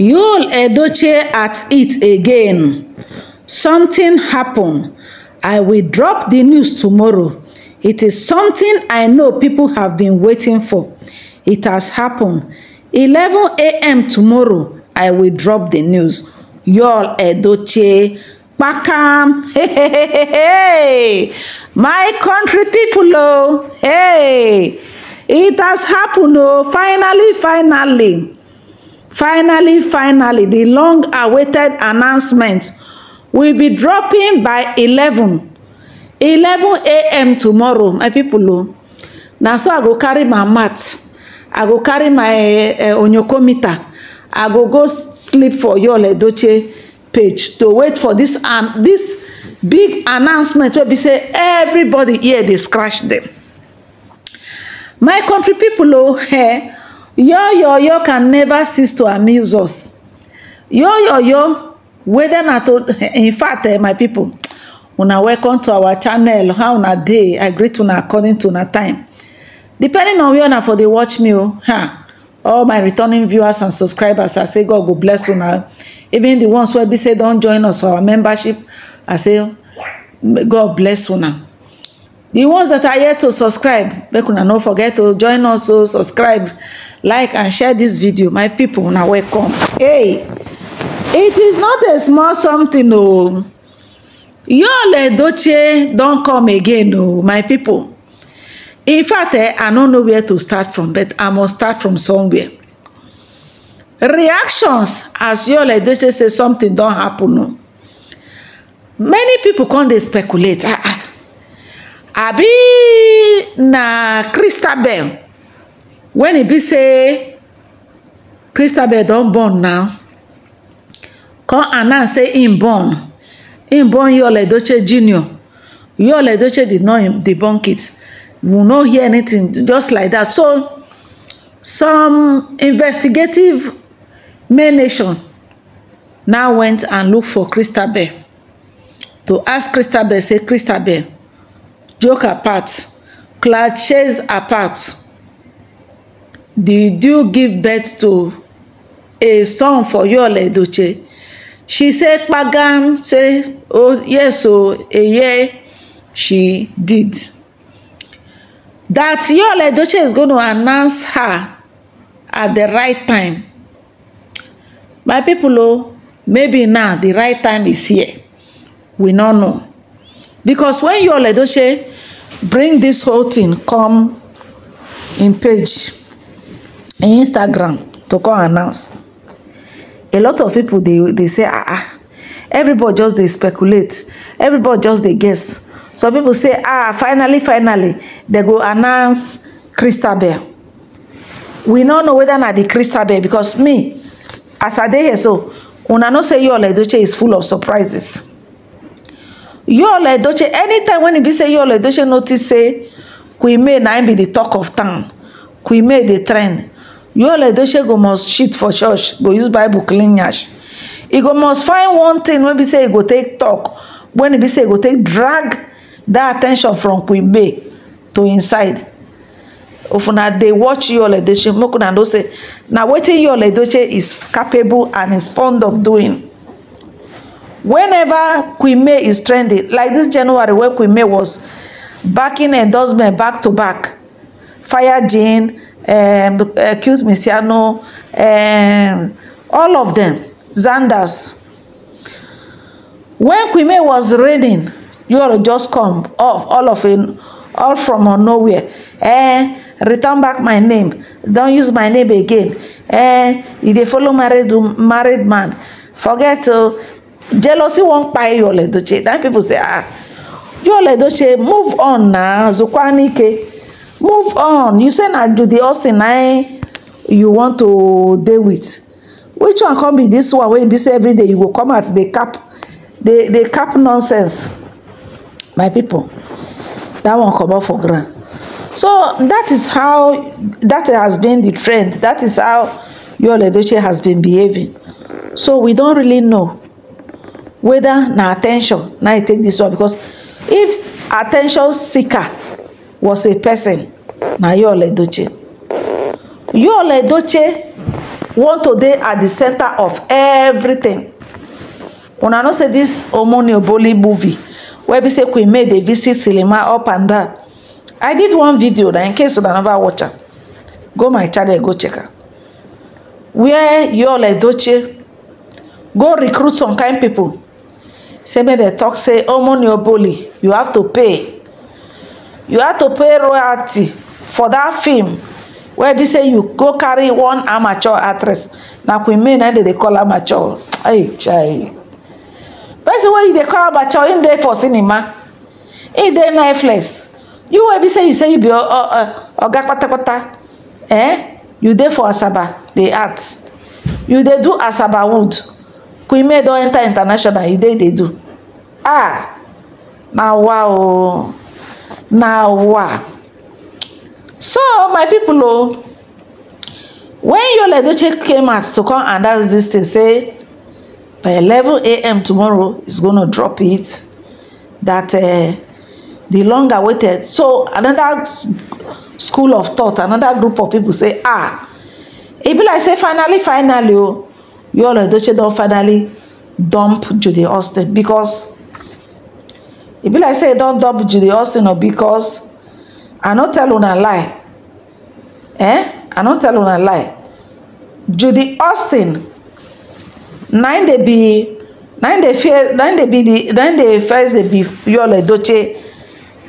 Yul Edochie at it again. Something happened. I will drop the news tomorrow. It is something I know people have been waiting for. It has happened. 11 a.m. tomorrow, I will drop the news. Yul Edochie Pakam. Hey, hey, hey, hey. My country people, oh, hey, it has happened, oh, finally, finally finally finally the long awaited announcement will be dropping by 11 11 am tomorrow my people oh. Now, so i go carry my mat i go carry my eh, eh, onyokomita, i go go sleep for your edoche page to wait for this this big announcement wey be say everybody here they scratch them, my country people. Oh, hey. Eh, Yo yo can never cease to amuse us Yo yo. whether not, to in fact eh, my people una welcome to our channel how una day i greet una according to na time depending on where una for the watch me huh, oh, all my returning viewers and subscribers i say god will bless you una even the ones wey be say don't join us for our membership i say god bless you una the ones that are yet to subscribe make una not forget to join us o oh, subscribe like and share this video my people. Now welcome hey it is not a small something Oh, yall edoche eh, don't come again o oh, my people. in fact eh, i don't know where to start from but i must start from somewhere reactions as yall edoche eh, say something don't happen No, oh. many pipo come dey speculate ah, ah. abi na christabel When e be say christabel don born now come announce say im born im born yul doche junior yul doche did not debunk it we no hear anything just like that so some investigative men nation now went and look for christabel to ask christabel say christabel joke apart cloud chase apart did you give birth to a son for Yul Edochie? She said, Pagan, say, oh, yes, so oh, a year she did. That Yul Edochie is going to announce her at the right time. My people, oh, maybe now the right time is here. We no know. Because when Yul Edochie bring this whole thing come in page in instagram to come announce a lot of pipo dey say ah ah everybody just dey speculate everybody just dey guess some people say ah finally finally they go announce christabel we no know whether na the christabel because me as i dey here so una know say yoola edoche is full of surprises yoola edoche anytime when e be say yoola edoche notice say queen may na im be di talk of town queen may dey trend You yoel edoche go must shit for church go use bible clean yansh e go must find one thing wey be say he go take talk when he be say e go take drag that attention from queen bay to inside. side if una dey watch yoel edoche make una know say na wetin yoel edoche is capable and is fond of doing whenever queen may is trending like this january wey queen may was backing endorsement back to back fire jane um, accused uh, Misiano, um, all of them, Zanders. When Kwime was reading, Yoro just come off, all of it, all from nowhere. Eh, return back my name. Don't use my name again. Eh, you they follow married, married man, forget to. Oh, jealousy won't buy your Ledoche. people say, ah, your Ledoche, move on now. Zukwanike move on you say na judy austin na e you want to dey with which one come be this one wey be say day you go come out dey cap dey cap nonsense my people. That one comot for ground so that is how that has been the trend That is how yul edoche has been behaving so we don really know whether na attention na e take this one because if attention seeker was a person na Yul Edochie Yul Edochie want today at the center of everything una know say this Omoni Oboli movie wey be say Queen May dey visit cinema up and down i did one video na in case una never watch am go my channel go check am where Yul Edochie go recruit some kind people say make dem talk say Omoni Oboli you have to pay you have to pay royalty for dat film wey be say you go carry one amateur actress na queen may na dem dey call amateur hey chai person wey you dey call amateur im dey for cinema im dey lifeless you wey be say you say you be oga kpatakpata eh you dey for asaba dey art you dey do asaba wood queen may don enter international you dey dey do ah na wow ooo nawa so my people oh, when yul edochie came out to come announce this thing say by 11 a.m. tomorrow is gonna drop it that uh, the long awaited. so another school of thought another group of people say ah e be like say finally finally o oh, yul edochie don finally dump judy austin because e be like say e don double judy austin o because i no tell una lie eh i no tell una lie judy austin na im dey be na im dey fear na im dey be the na im dey first dey be yul edochie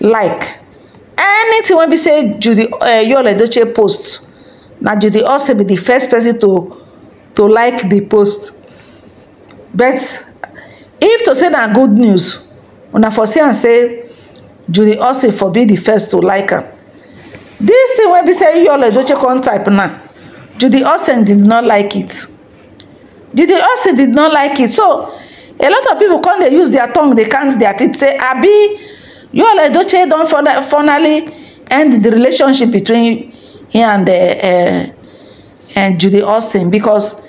like anything wey be say judy uh, eh, yul edochie post na judy austin be the first person to to like the post but if to say na good news una for see am say judy austin forbid the first to like am This thing wey be say yolo edoche con type na. judy austin did not like it judy austin did not like it so a lot of people come dey use their tongue dey count their teeth say abi yolo edoche don finally end the relationship between he and and eh, eh, eh, judy austin because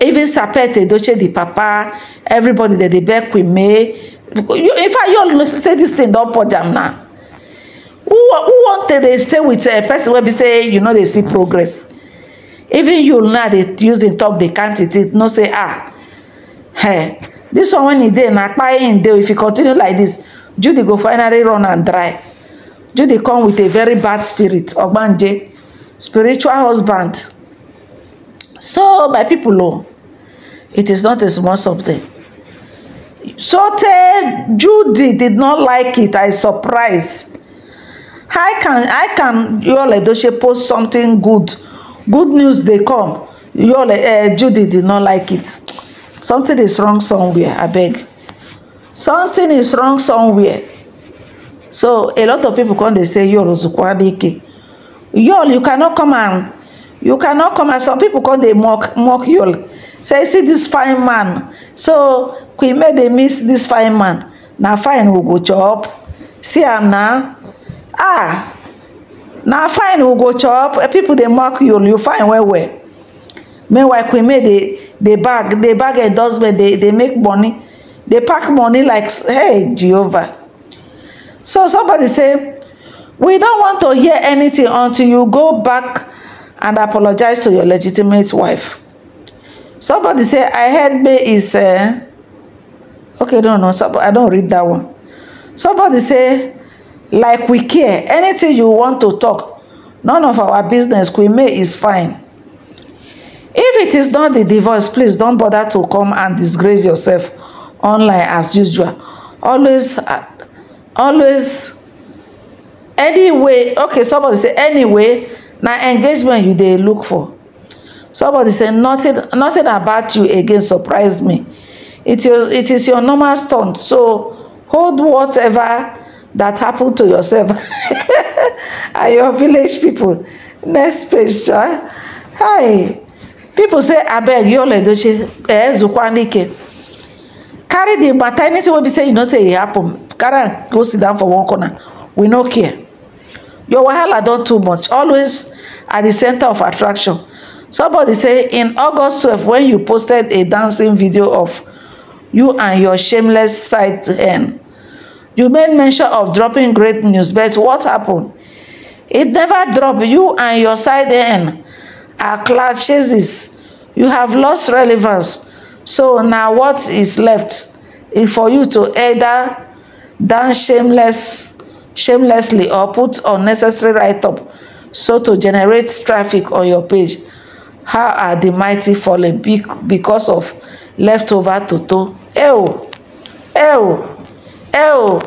even sapete edoche the papa everybody that they beg with me you in fact you say this thing Don't put them now who who wan tey stay with a person Where be say you know, they see progress even you now they use im talk they can't it it no say ah hey, this one when he dey na kpai im dey if e continue like this judy go finally run and dry judy come with a very bad spirit Obanje, spiritual husband so my people o oh, it is not a small something Sote Judy did not like it. I surprised. I can I can Yul Edochie post something good. Good news they come. Yul uh, eh, Judy did not like it. Something is wrong somewhere, I beg. Something is wrong somewhere. So a lot of people come They say Yul Ozukwadike. Yul, you cannot come and you cannot come and some people come they mock mock Yul say see this fine man so queen may dey miss this fine man na fine we go chop see am na ah na fine we go chop eh, people dey mark you you fine well well meanwhile queen may dey dey bag dey bag endorsement dey dey make money dey pack money like hey jehovah so somebody say we don want to hear anything until you go back and apologize to your legitimate wife somebody say i heard me is uh, okay no no some, i don't read that one somebody say like we care anything you want to talk none of our business We may is fine if it is not the divorce please don't bother to come and disgrace yourself online as usual always uh, always anyway okay somebody say anyway Now engagement you they look for Somebody said, nothing, nothing about you again surprised me. It is, it is your normal stunt. So hold whatever that happened to yourself and your village people. Next page, sir. Hi. People say, abeg, Yul Edochie, Ezukwa eh, Nike. Carry the matter. Anything wey be saying you know say it happened. Carry go sit down for one corner. We no care. Your wahala don too much. Always at the center of attraction somebody say in august 12 when you posted a dancing video of you and your shameless side to end you made mention of dropping great news but what happened it never dropped you and your side end are cloud chases you have lost relevance so now what is left is for you to either dance shameless shamelessly or put unnecessary write-up so to generate traffic on your page how are the mighty fallen because of leftover toto ew ew ew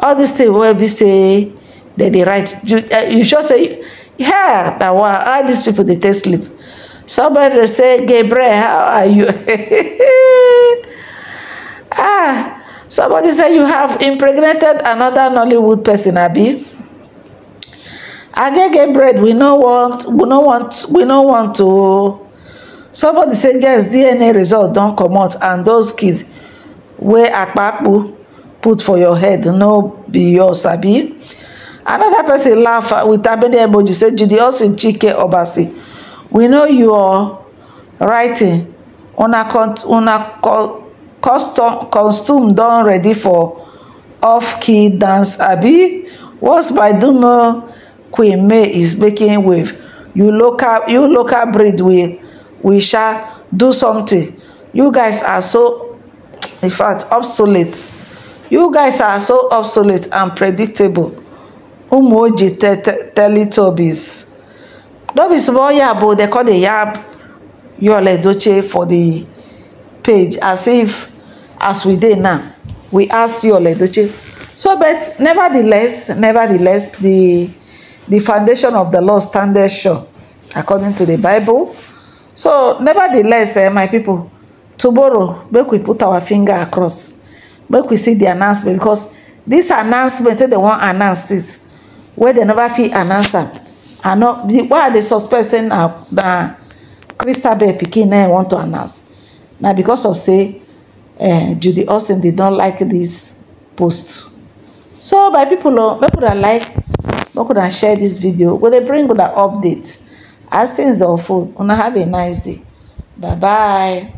all these things wey be say that they write you uh, you sure say yeah Now wa how these people they take sleep somebody dey say gabriel how are you ah somebody say you have impregnated another nollywood person abi agege bread we no want we no want we no want to somebody say yes dna result don comot and those kids wey akpapu put for your head no be your sabi another person laugh with abene emoji say judy austin chike obasi we know your writing una una custom costume don ready for off key dance abi what's by dumo Queen May is making wave. You local, you local breed We we shall do something. You guys are so, in fact, obsolete. You guys are so obsolete and predictable. Umoji Teletubbies. Don't be small yabo, they call the yab Yul Edochie for the page as if as we dey now. We ask Yul Edochie. So, but nevertheless, nevertheless, the the foundation of the law standeth sure according to the Bible so nevertheless eh, my people tomorrow make we put our finger across make we see the announcement because this announcement wey dem wan announce it wey dem never fit announce am and not why i dey suspect say na na christabel pikin na want to announce na because of say uh, judy austin dey don like this post so my people o oh, make una like make una share this video go dey bring una update as things don unfold una have a nice day bye bye